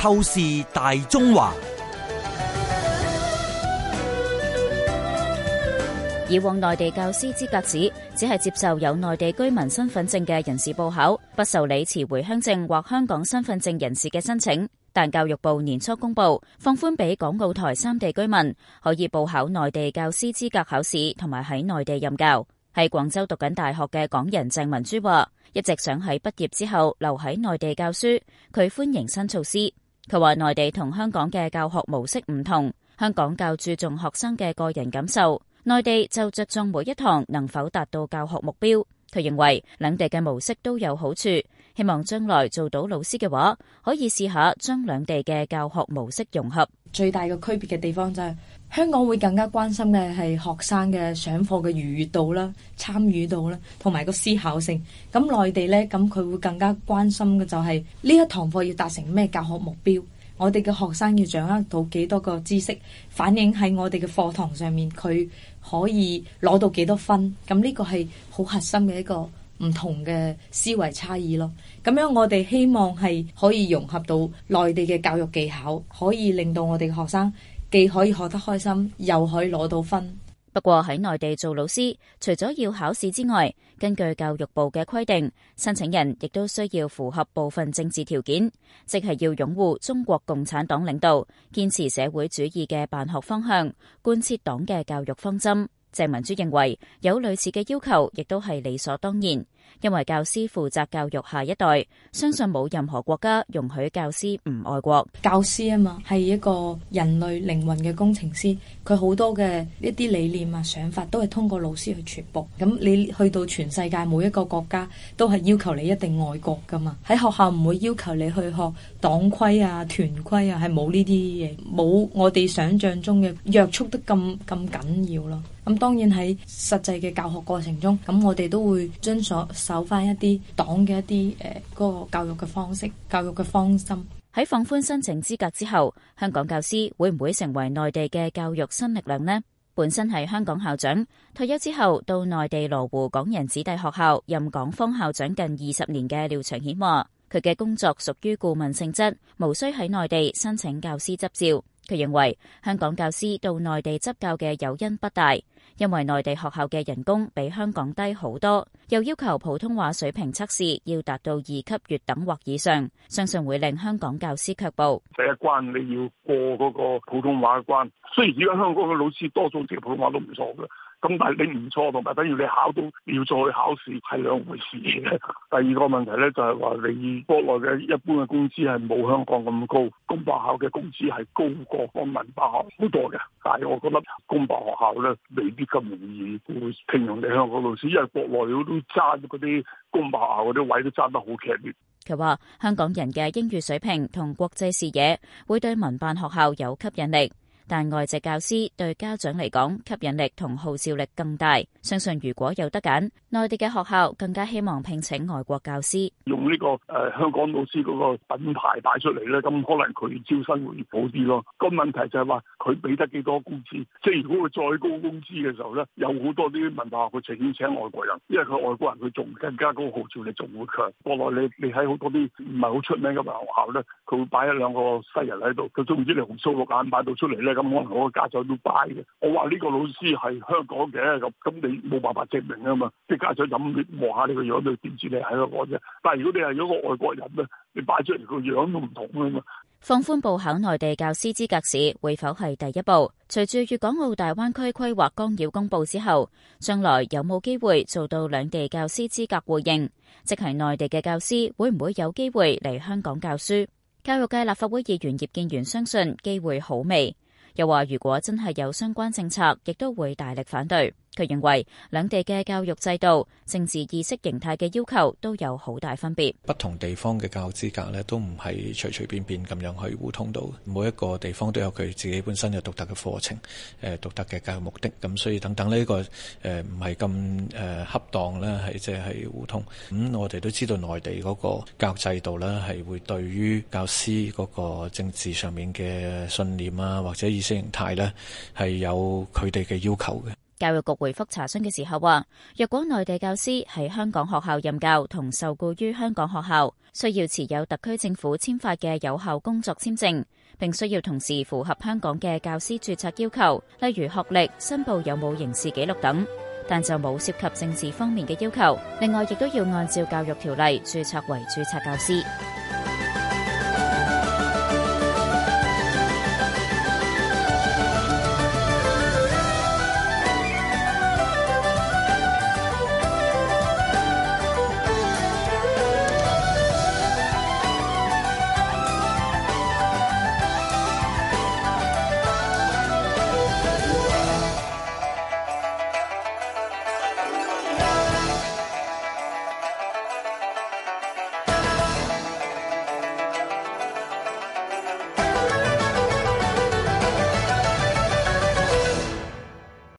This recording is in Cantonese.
透視大中華。以往內地教師資格試只係接受有內地居民身份證嘅人士報考，不受理持回鄉證或香港身份證人士嘅申請。但教育部年初公布放寬，俾港澳台三地居民可以報考內地教師資格考試，同埋喺內地任教。喺廣州讀緊大學嘅港人鄭文珠話，一直想喺畢業之後留喺內地教書，佢歡迎新措施。佢話：內地同香港嘅教學模式唔同，香港較注重學生嘅個人感受，內地就着重每一堂能否達到教學目標。佢認為兩地嘅模式都有好處。希望將來做到老師嘅話，可以試下將兩地嘅教學模式融合。最大嘅區別嘅地方就係香港會更加關心嘅係學生嘅上課嘅愉悦度啦、參與度啦，同埋個思考性。咁內地呢，咁佢會更加關心嘅就係呢一堂課要達成咩教學目標，我哋嘅學生要掌握到幾多個知識，反映喺我哋嘅課堂上面，佢可以攞到幾多分。咁呢個係好核心嘅一個。唔同嘅思維差異咯，咁樣我哋希望係可以融合到內地嘅教育技巧，可以令到我哋嘅學生既可以學得開心，又可以攞到分。不過喺內地做老師，除咗要考試之外，根據教育部嘅規定，申請人亦都需要符合部分政治條件，即係要擁護中國共產黨領導，堅持社會主義嘅辦學方向，貫徹黨嘅教育方針。鄭文珠認為有類似嘅要求，亦都係理所當然，因為教師負責教育下一代，相信冇任何國家容許教師唔愛國。教師啊嘛，係一個人類靈魂嘅工程師，佢好多嘅一啲理念啊、想法都係通過老師去傳播。咁你去到全世界每一個國家，都係要求你一定愛國噶嘛。喺學校唔會要求你去學黨規啊、團規啊，係冇呢啲嘢，冇我哋想象中嘅約束得咁咁緊要咯。咁當然喺實際嘅教學過程中，咁我哋都會遵守守返一啲黨嘅一啲誒個教育嘅方式、教育嘅方針。喺放寬申請資格之後，香港教師會唔會成為內地嘅教育新力量呢？本身係香港校長退休之後，到內地羅湖港人子弟學校任港方校長近二十年嘅廖長顯話。佢嘅工作屬於顧問性質，無需喺內地申請教師執照。佢認為香港教師到內地執教嘅誘因不大，因為內地學校嘅人工比香港低好多，又要求普通話水平測試要達到二級乙等或以上，相信會令香港教師卻步。第一關你要過嗰個普通話嘅關，雖然而家香港嘅老師多數接普通話都唔錯嘅。咁但係你唔錯，同埋等於你考到要再考試係兩回事嘅。第二個問題咧就係話你國內嘅一般嘅工資係冇香港咁高，公辦校嘅工資係高過個民辦校好多嘅。但係我覺得公辦學校咧未必咁容易聘用你香港老師，因為國內都爭嗰啲公辦校嗰啲位都爭得好劇烈。佢話：香港人嘅英語水平同國際視野會對民辦學校有吸引力。但外籍教師對家長嚟講吸引力同號召力更大，相信如果有得揀，內地嘅學校更加希望聘請外國教師，用呢、這個誒、呃、香港老師嗰個品牌擺出嚟咧，咁可能佢招生會好啲咯。個問題就係話佢俾得幾多工資，即係如果佢再高工資嘅時候咧，有好多啲文化學校情願請外國人，因為佢外國人佢仲更加高號召力，仲會強。國內你你喺好多啲唔係好出名嘅學校咧，佢會擺一兩個西人喺度，佢都唔知你紅鬚綠眼擺到出嚟咧。咁可能我家長都拜嘅。我話呢個老師係香港嘅咁，咁你冇辦法證明啊嘛。啲家長你望下你個樣，你點知你係香港啫？但係如果你係一個外國人咧，你拜出嚟個樣都唔同啊嘛。放寬報考內地教師資格試會否係第一步？隨住粵港澳大灣區規劃綱要公布之後，將來有冇機會做到兩地教師資格互認，即係內地嘅教師會唔會有機會嚟香港教書？教育界立法會議員葉建源相信機會好微。又話如果真係有相關政策，亦都會大力反對。佢認為兩地嘅教育制度、政治意識形態嘅要求都有好大分別，不同地方嘅教育資格咧，都唔係隨隨便便咁樣去互通到。每一個地方都有佢自己本身有獨特嘅課程、誒獨特嘅教育目的。咁所以等等呢個誒唔係咁誒恰當咧，係即係互通。咁我哋都知道內地嗰個教育制度咧，係會對於教師嗰個政治上面嘅信念啊，或者意識形態咧，係有佢哋嘅要求嘅。教育局回覆查詢嘅時候話，若果內地教師喺香港學校任教同受僱於香港學校，需要持有特區政府簽發嘅有效工作簽證，並需要同時符合香港嘅教師註冊要求，例如學歷、申報有冇刑事記錄等，但就冇涉及政治方面嘅要求。另外，亦都要按照教育條例註冊為註冊教師。